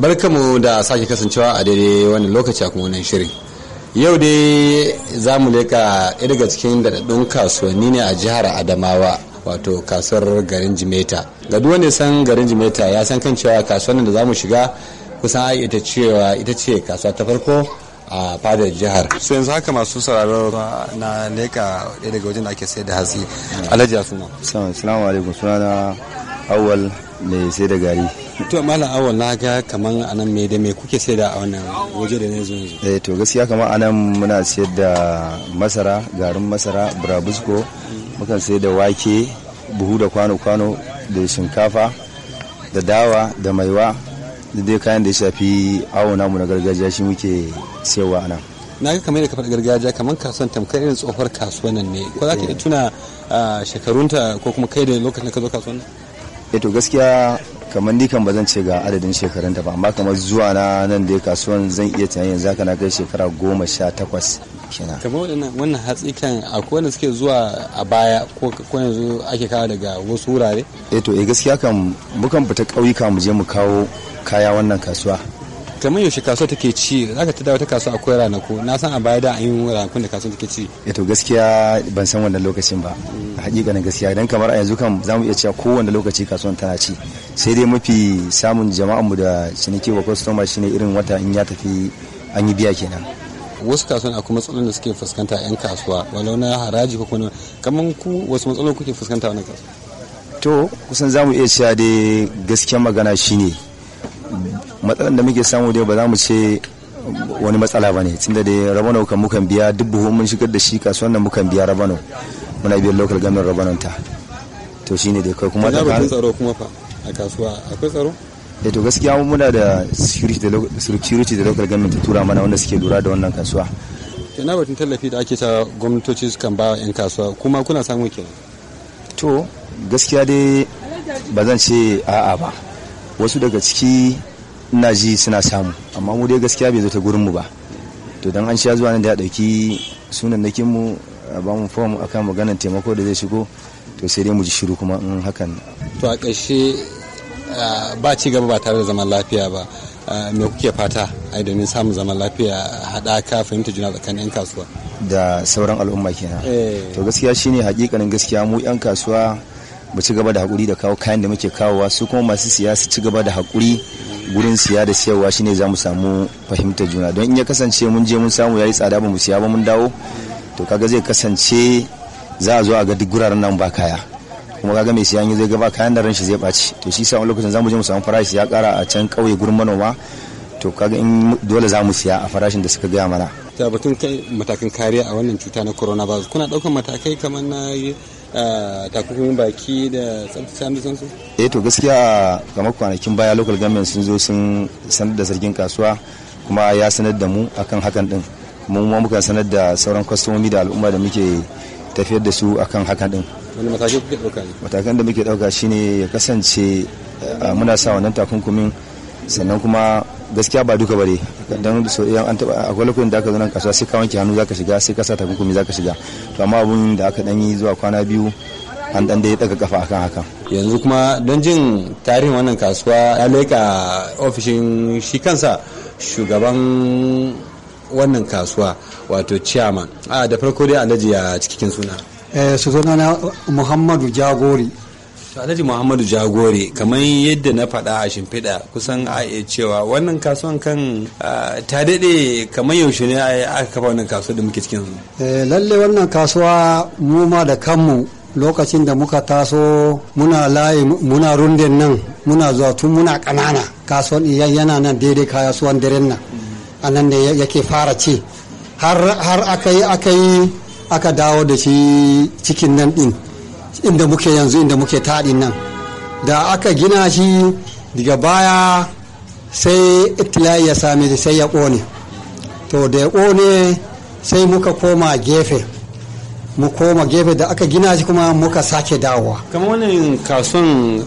barkamu da sake kasancewa a daidai wani lokaci a kuma wannan shirin yau dai za mu leka daga cikin daɗaɗɗun kasuwanni ne a jihar adamawa wato kasuwar garin jimeta ga duk wanda san garin jimeta ya san kan cewa kasuwannin da za mu shiga kusan ita cewa ita ce kasuwa ta farko a fadar jihar su yanzu haka masu sauraro na leka ɗaya daga wajen da ake sayar da hatsi alhaji asuma awal mai sai da gari to mala awal na ga kaman anan me da me kuke sai da a wannan waje da ne zo yanzu eh to gaskiya kaman anan muna sayar da masara garin masara brabusco mukan sayar da wake buhu da kwano-kwano da shinkafa da dawa da maiwa da dai kayan da ya shafi awo namu na gargajiya shi muke sayarwa anan na ga kamar da kafar gargajiya kamar kasuwan tamkar irin tsohuwar kasuwan nan ne ko za ka tuna ah, shekarunta ko kuma kai da lokacin da ka zo kasuwan nan e to gaskiya kamar ni ba zan ce ga adadin shekarun ta ba amma kamar zuwa na nan da kasuwan zan iya tunanin yanzu haka na kai shekara goma sha takwas kenan kamar wannan hatsi kan akwai wanda suke zuwa a baya ko ko yanzu ake kawo daga wasu wurare eh to eh gaskiya kan mukan fita ƙauyuka mu je mu kawo kaya wannan kasuwa mun yaushe kasuwa take ci zaka ta dawo ta kasuwa akwai ranaku na san a baya da an yi ranakun da kasuwa take ci eh to gaskiya ban san wannan lokacin ba hakikanin gaskiya idan kamar a yanzu kan zamu iya cewa kowanne lokaci kasuwan tana ci sai dai mafi samun jama'an mu da ciniki wa customer shine irin wata in ya tafi an yi biya kenan wasu kasuwan akwai matsalolin da suke fuskanta 'yan kasuwa walau na haraji ko kuma kamar ku wasu matsalolin kuke fuskanta wannan kasuwa to kusan zamu iya cewa dai gaskiyar magana shine matsalan da muke samu dai ba za mu ce wani matsala ba ne tunda dai rabano kan mukan biya duk buhu mun shigar da shi kasuwan nan mukan biya rabano muna biyan local government rabanon ta to shine dai kai kuma da tsaro kuma fa a kasuwa akwai tsaro eh to gaskiya muna da security da da local government ta tura mana wanda suke lura da wannan kasuwa na batun tallafi da ake ta gwamnatoci su kan ba 'yan kasuwa kuma kuna samu ke to gaskiya dai ba zan ce a'a ba wasu daga ciki ina ji suna samu amma mu dai gaskiya bai zo ta gurin mu ba to dan an sha zuwa nan da ya dauki sunan nakin mu a ba mu form akan maganar taimako da zai shigo to sai dai mu ji shiru kuma in hakan to a ƙarshe ba ci gaba ba tare da zaman lafiya ba me kuke fata a mun samun zaman lafiya haɗaka fahimta juna tsakanin 'yan kasuwa da sauran al'umma kenan eh. to gaskiya shine hakikanin gaskiya mu 'yan kasuwa mu ci gaba da hakuri da kawo kayan da muke kawowa su kuma masu siyasa su ci gaba da hakuri gurin siya da siyarwa shine za mu samu fahimtar juna don in ya kasance mun je mun samu yayi tsada ba mu siya ba mun dawo to kaga zai kasance za a zo a ga duk guraren nan ba kaya kuma kaga mai siyan zai gaba kayan da ran shi zai ɓaci to shi sa wani lokacin za mu je mu samu farashi ya kara a can kauye gurin manoma to kaga in dole za mu siya a farashin da suka gaya mana da batun matakan kariya a wannan cuta na ba kuna daukan matakai kamar na takunkumin baki da tsamtsamtsamsu? eh to gaskiya kamar kwanakin baya local government sun zo sun sanar da sarkin kasuwa kuma ya sanar da mu akan hakan din mu ma muka sanar da sauran kwastomomi da al'umma da muke tafiyar da su akan hakan din wani matakin kuke dauka ne matakan da muke dauka shine ya kasance eh, muna sa wannan takunkumin sannan kuma gaskiya ba duka bare dan so yan an taba akwai lokacin da aka zo nan kasuwa sai ka wanke hannu zaka shiga sai ka sa takunkumi zaka shiga to amma abun da aka dan yi zuwa kwana biyu an dan dai daga kafa akan haka yanzu kuma don jin tarihin wannan kasuwa ya leka ofishin shi kansa shugaban wannan kasuwa wato chairman a ah, da farko dai alhaji a cikin suna eh su muhammadu jagori alhaji muhammadu jagore kamar yadda na faɗa a shimfiɗa kusan a iya cewa wannan kasuwan kan ta daɗe kamar yaushe ne a kafa wannan kasuwa da muke cikin eh, lalle wannan kasuwa mu ma da kanmu lokacin da muka taso muna layi muna runden nan muna zuwa tun muna ƙanana kasuwan yana nan daidai kasuwan daren nan a nan ne yake fara ci har aka yi aka dawo da shi cikin nan ɗin inda muke yanzu inda muke taɗi nan da aka gina shi daga baya sai itilayi ya sami sai ya ƙone to da ya ƙone sai muka koma gefe mu koma gefe da aka gina shi kuma muka sake dawowa kamar wannan kasuwan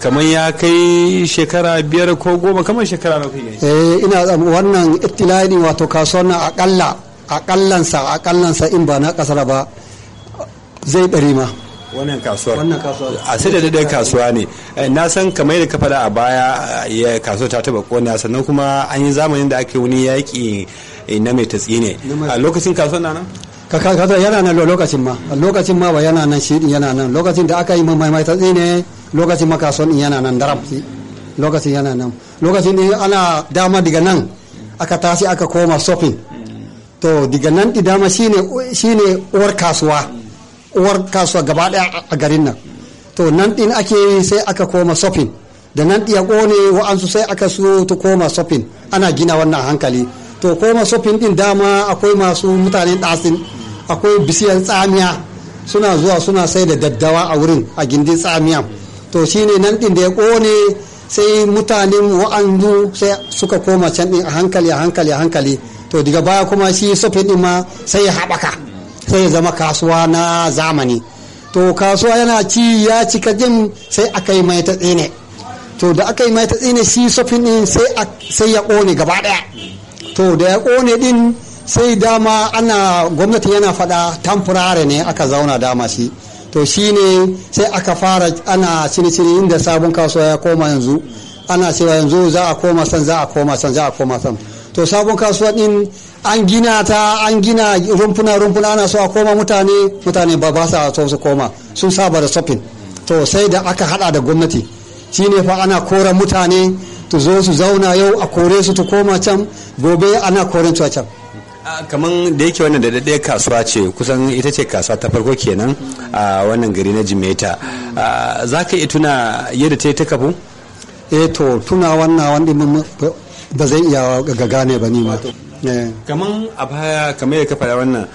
kamar ya kai shekara biyar ko goma kamar shekara na yi eh ina wannan itilayi wato kasuwan na akalla akallansa akallansa in ba na kasara ba zai ɗari ma wannan kasuwar wannan kasuwar a sai da daidai kasuwa ne eh, na san kamar yadda ka fada a baya eh, ya kasuwa ta taba kona sannan kuma an yi zamanin da ake wani yaƙi eh, na mai tatsi ne a lokacin kasuwar na nan ka yana nan lokacin ma lokacin ma ba yana nan shi yana nan lokacin da aka yi mai mai tatsi ne lokacin ma kasuwar yana nan daram lokacin yana nan lokacin ne ana dama daga nan aka tashi aka koma shopping to daga nan dama shine shine uwar kasuwa uwar kasuwa gaba daya a garin nan to nan din ake yi sai aka koma shopping da nan ya kone wa'ansu sai aka so ta koma shopping ana gina wannan hankali to koma shopping din dama akwai masu mutanen ɗasin akwai bisiyar tsamiya suna zuwa suna sai da daddawa a wurin a gindin tsamiya to shine nan din da ya kone sai mutanen wa'anzu sai suka koma can din a hankali a hankali a hankali to daga baya kuma shi shopping ɗin ma sai ya haɓaka sai ya zama kasuwa na zamani to kasuwa yana ci ya cika jin sai aka yi mai ta tsine to da aka yi mai ta tsine shi sofin din sai ya kone gaba daya to da ya kone din sai dama ana gwamnati yana fada tamfurare ne aka zauna dama shi to shine sai aka fara ana shirye inda sabon kasuwa ya koma yanzu ana cewa yanzu za a koma san za a koma san za a koma san to sabon kasuwa din an gina ta an gina rumfuna rumfuna ana so a koma mutane mutane ba ba sa so su koma sun saba da shopping to sai da aka hada da gwamnati shine fa ana kora mutane su zo su zauna yau a kore su ta koma can gobe ana koren su a can kaman da yake wannan da daɗaya kasuwa ce kusan ita ce kasuwa ta farko kenan a wannan gari na jimeta za ka iya tuna yadda ta yi ta kafu? eh to tuna wannan wanda ba zai iya ga gane ba ni ma kaman a baya kamar ya kafa wannan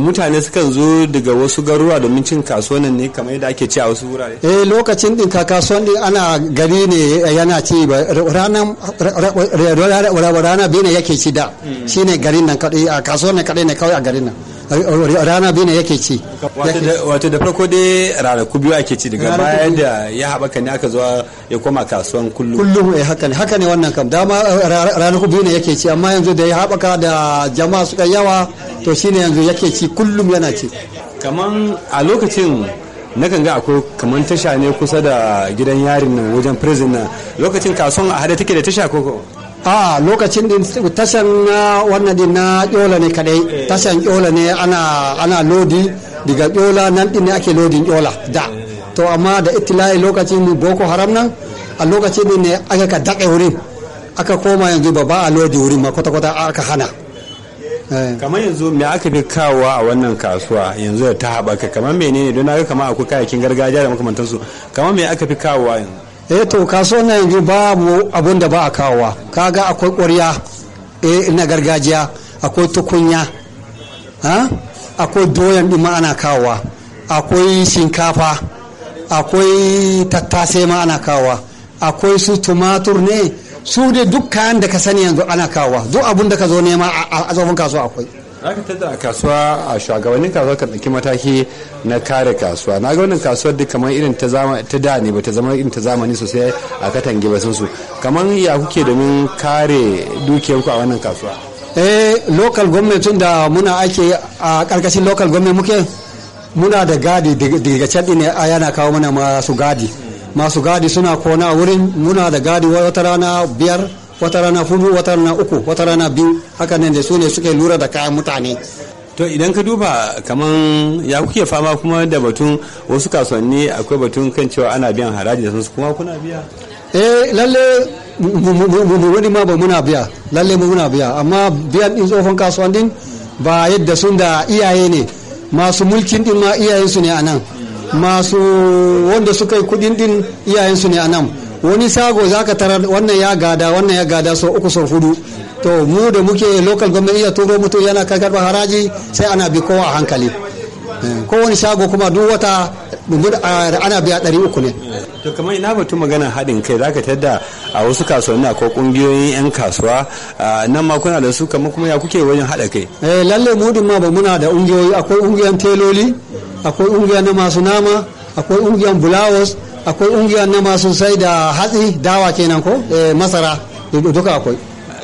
mutane sukan zo daga wasu garuruwa domin cin kasuwanin ne kamar yadda ake ci a wasu wurare eh lokacin din ka kasuwan din ana gari ne yana ci ba ranan rana bene yake ci da shine garin nan kadai a kasuwan ne kadai ne kawai a garin nan rana biyu ne yake ci wato da farko dai ranaku biyu ake ci daga baya da ya haɓaka ne aka zuwa ya koma kasuwan kullum kullum eh haka ne haka ne wannan kam dama eh, ranaku biyu ne yake ci amma yanzu da ya haɓaka da jama'a suka yawa to shine yanzu yake ci kullum yana ci kaman a lokacin nakan ga akwai kaman tasha ne kusa da gidan yarin nan wajen prison nan lokacin kasuwan a hada take da tasha koko a ah, lokacin din tashan na ah, wannan din na yola ne kadai eh. tashan yola ne ana ana lodi daga yola nan din ne ake lodin yola da eh. to amma da itilai lokacin boko haram nan a lokacin din ne aka ka dake wurin aka koma yanzu ba ba a lodi wurin ma kwata kwata aka hana eh. kamar yanzu me aka fi kawowa a wannan kasuwa yanzu ta haɓaka kamar menene don aka kama akwai kayakin gargajiya da makamantansu kamar me aka fi kawowa yanzu eh to kasuwar na yanzu babu abun da ba a kawowa kaga akwai ƙwarya eh na gargajiya akwai tukunya akwai doyan ɗin ma ana kawowa akwai shinkafa akwai tattasai ma ana kawowa akwai su tumatur ne su da duk kayan da ka sani yanzu ana kawowa duk abun da ka zo nema a tsofin kasuwa akwai za tada tada kasuwa a shugabannin kasuwa kan ɗauki mataki na kare kasuwa na ga wannan kasuwar duk kamar irin ta zama ta da ne ba ta zama irin ta zamani sosai a katange ba sun su kamar ya kuke domin kare ku a wannan kasuwa eh local government tun da muna ake a karkashin local government muke muna da gadi daga can ne a yana kawo mana masu gadi masu gadi suna kona wurin muna da gadi wata rana biyar wata rana hudu wata rana uku wata rana biyu haka nan da su ne suke lura da kayan mutane to idan ka duba kaman ya kuke fama kuma da batun wasu kasuwanni akwai batun kan cewa ana biyan haraji da su kuma kuna biya eh lalle mu wani ma ba muna biya lalle mu muna biya amma biyan din tsohon kasuwannin ba yadda sun da iyaye ne masu mulkin din ma iyayensu ne a nan masu wanda suka yi kudin din iyayensu ne a nan wani sago za ka tarar wannan ya gada wannan ya gada sau uku sau hudu to mu da muke lokal gwamnati ya turo mutu yana karɓar haraji sai ana bi kowa a hankali eh, kowane shago kuma duk wata ana biya ɗari uku ne. To kamar ina batun magana haɗin kai za ka tadda a wasu kasuwanni ko ƙungiyoyin 'yan kasuwa nan ma kuna da su kamar kuma ya kuke wajen haɗa kai. Eh lalle mudin ma ba muna da ƙungiyoyi akwai ƙungiyan teloli akwai ƙungiya na masu nama akwai ƙungiyan bulawos akwai ungiya na masu sai da hatsi dawa kenan ko eh, masara duka akwai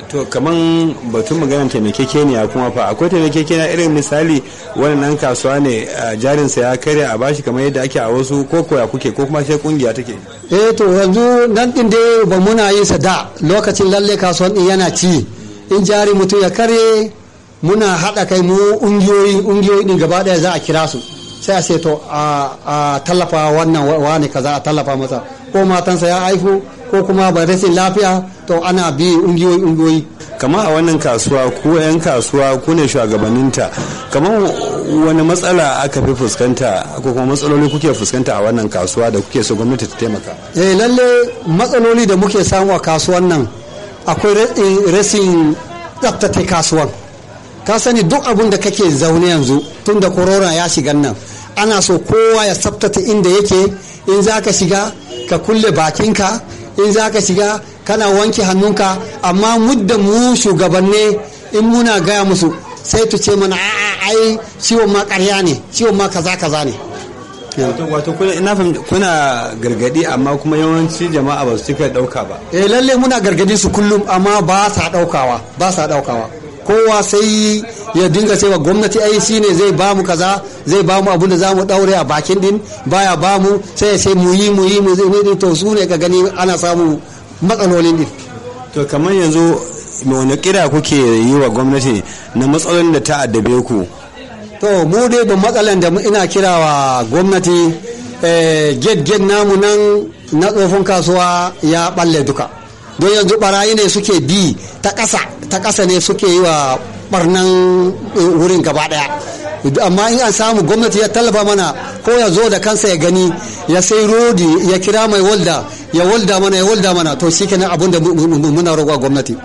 to kaman batun maganar taimakekeniya kuma fa akwai na irin misali wani nan kasuwa ne jarinsa ya karya a bashi kamar yadda ake a wasu ko koya kuke ko kuma sai kungiya take eh to yanzu nan din dai ba muna yin sa da lokacin lalle kasuwan din yana ci in jari mutum ya kare muna haɗa kai mu ungiyoyi ungiyoyi din gaba daya za a kira su sai a to a tallafa wannan wani kaza a tallafa masa ko matansa ya haifu ko kuma ba rashin lafiya to ana bi ungiyoyi ungiyoyi kama a wannan kasuwa ko 'yan kasuwa ku ne shugabanninta kamar wani matsala aka fi fuskanta ko kuma matsaloli kuke fuskanta a wannan kasuwa da kuke so gwamnati ta taimaka eh lalle matsaloli da muke samu a kasuwan nan akwai eh, rashin tsaftace kasuwan ka sani duk abin da kake zaune yanzu tunda da korona ya shiga nan ana so kowa ya tsabtata inda yake in za ka shiga ka kulle bakinka in za ka shiga kana wanke hannunka amma mudda mu shugabanne in muna gaya musu sai tu ce mana a ai ciwon ma karya ne ciwon ma kaza kaza ne wato kuna gargadi amma kuma yawanci jama'a ba su cika dauka ba eh lalle muna gargadi su kullum amma ba sa daukawa ba sa daukawa kowa sai ya dinga cewa gwamnati ai ne zai ba mu kaza zai ba mu abin da za mu daure a bakin din baya ba mu sai ya ce mu yi mu yi mu zai to su ne ka gani ana samu matsalolin din to kamar yanzu me wani kira kuke yi wa gwamnati na matsalolin da ta addabe ku to mu dai ba matsalan da ina kira wa gwamnati get eh, get namu nan na tsofin kasuwa ya balle duka don yanzu barayi ne suke bi ta ƙasa ta ƙasa ne suke yi wa barnan eh, wurin gaba daya amma in an samu gwamnati ya tallafa mana ko ya zo da kansa ya gani ya sai rodi ya kira mai walda ya walda mana ya walda mana to shi kenan abin da muna roƙa gwamnati